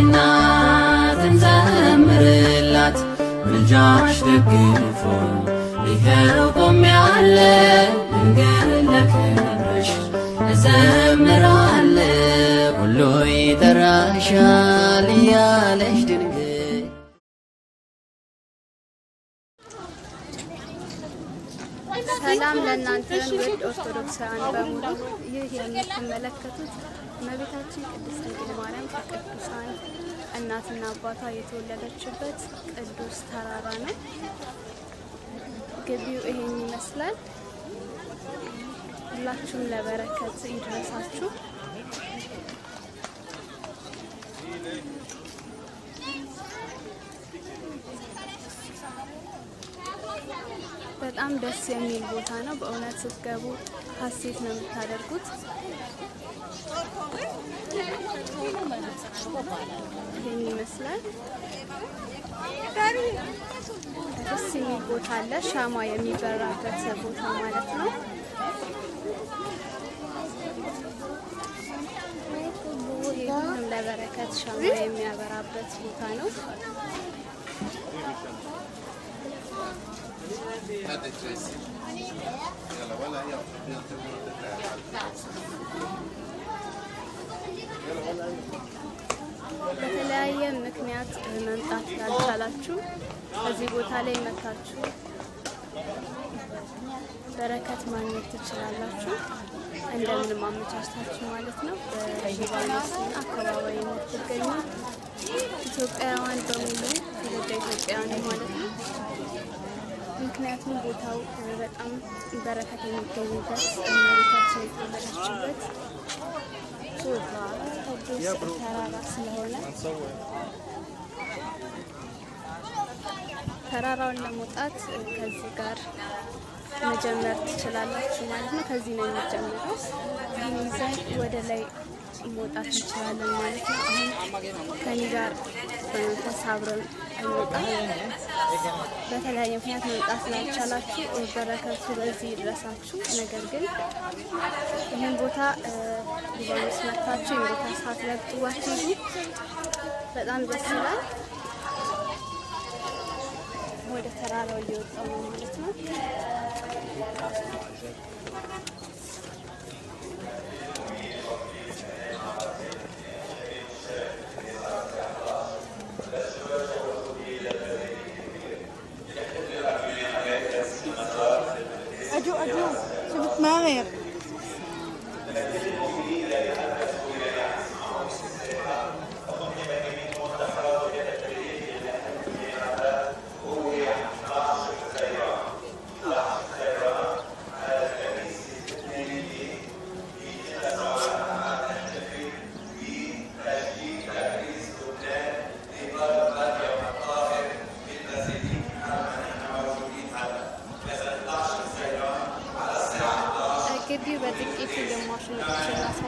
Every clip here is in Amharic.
እናትን ዘምርላት ምልጃሽ ደግፎ ይኸው ቆሜያለሁ ልንገር ለክብርሽ እዘምራለሁ ሁሉ ይጠራሻል እናንተን ውድ ኦርቶዶክሳውያን በሙሉ ይህ የምትመለከቱት እመቤታችን ቅድስት ድንግል ማርያም ከቅዱሳን እናትና አባቷ የተወለደችበት ቅዱስ ተራራ ነው። ግቢው ይሄን ይመስላል። ሁላችሁም ለበረከት ይድረሳችሁ። በጣም ደስ የሚል ቦታ ነው። በእውነት ስትገቡ ሀሴት ነው የምታደርጉት። ይህን ይመስላል። ደስ የሚል ቦታ አለ። ሻማ የሚበራበት ቦታ ማለት ነው። ይህም ለበረከት ሻማ የሚያበራበት ቦታ ነው። በተለያየ ምክንያት መምጣት ያልቻላችሁ እዚህ ቦታ ላይ መታችሁ በረከት ማግኘት ትችላላችሁ። እንደምንም አመቻችታችሁ ማለት ነው። በሊባኖስና አካባቢ የምትገኙ ኢትዮጵያውያን በሙሉ ትውልደ ኢትዮጵያውያን ማለት ነው ምክንያቱም ቦታው በጣም በረከት የሚገኝበት መሬታችን የተመረችበት ቅዱስ ተራራ ስለሆነ ተራራውን ለመውጣት ከዚህ ጋር መጀመር ትችላላችሁ ማለት ነው። ከዚህ ነው የሚጀምረው። ይዘን ወደ ላይ መውጣት እንችላለን ማለት ነው። አሁን ከኒ ጋር በመንፈስ አብረን በተለያየ ምክንያት መምጣት ላልቻላችሁ በረከቱ በዚህ ይድረሳችሁ። ነገር ግን ይህን ቦታ ሊባኖስ መታችሁ ይህን ቦታ ሳትለቅጡባችሁ በጣም ደስ ይላል። ወደ ተራራው እየወጣው ነው ማለት ነው።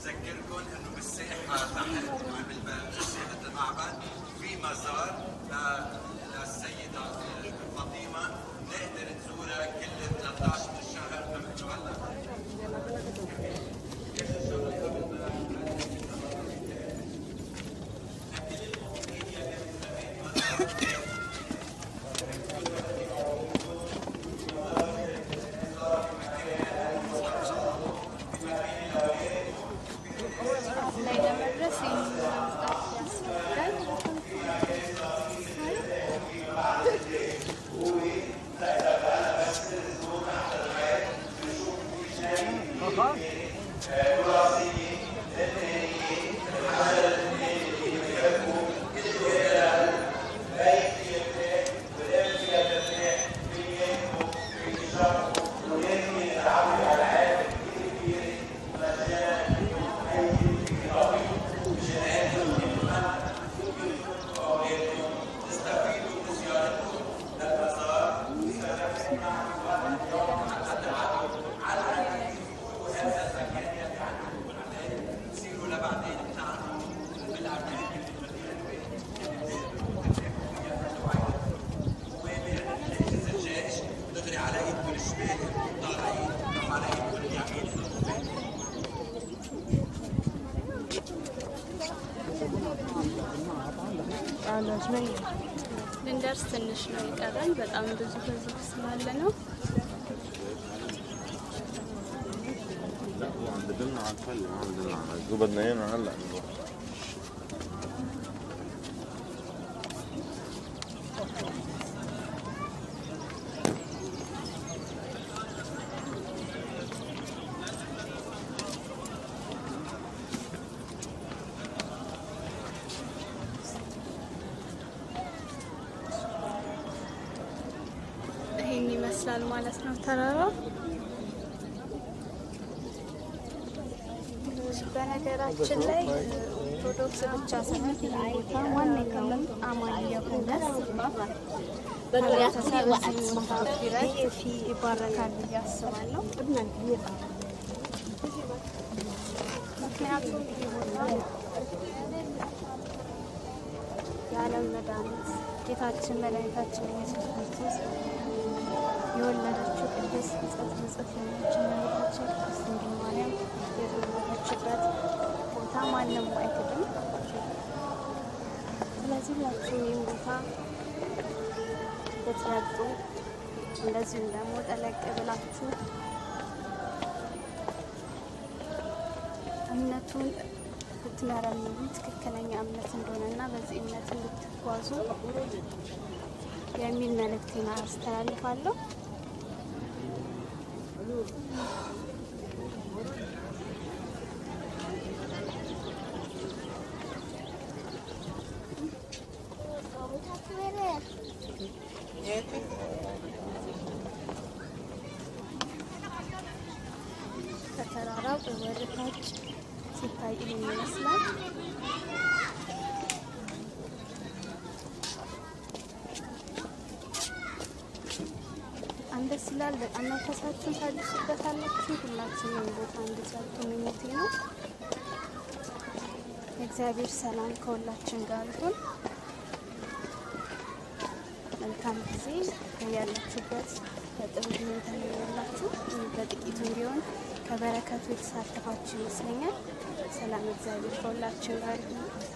بذكركم انه بالساحه تحت المعبد في مزار للسيده فاطمه نقدر نزورها كل 13 من الشهر من هلا Thank you. አላጅ ነው ልንደርስ ትንሽ ነው የቀረን። በጣም ብዙ ህዝብ ስላለ ነው። بدنا اياه هلا ይመስላል ማለት ነው ተራራው። በነገራችን ላይ ኦርቶዶክስ ብቻ ሳይሆን ቦታ ዋነኛውም አማኝ የሆነ ይባረካል ብዬ አስባለሁ። ምክንያቱም የዓለም መድኃኒት ጌታችን መድኃኒታችን ኢየሱስ ክርስቶስ የወለደችው ቅድስት ንጽሕት ንጽሕት የሆነች እመቤታችን ቅድስት ድንግል ማርያም የተወለደችበት ቦታ ማንም አይክድም። ስለዚህ ሁላችሁ ይህን ቦታ ብትረጡ፣ እንደዚሁም ደግሞ ጠለቅ ብላችሁ እምነቱን ብትመረምሩ ትክክለኛ እምነት እንደሆነና በዚህ እምነት እንድትጓዙ የሚል መልእክቴን አስተላልፋለሁ። ከተራራው በወደ ታች ሲታይ ይመስላል። ደስ ይላል። በጣም መንፈሳችሁን ታድሱበታላችሁ። ሁላችንም ቦታ እንዲሰጡ ምኞቴ ነው። እግዚአብሔር ሰላም ከሁላችን ጋር ይሁን። መልካም ጊዜ ያላችሁበት በጥሩ ጊዜ ተመኘላችሁ። በጥቂቱ ቢሆን ከበረከቱ የተሳተፋችሁ ይመስለኛል። ሰላም እግዚአብሔር ከሁላችን ጋር ይሁን።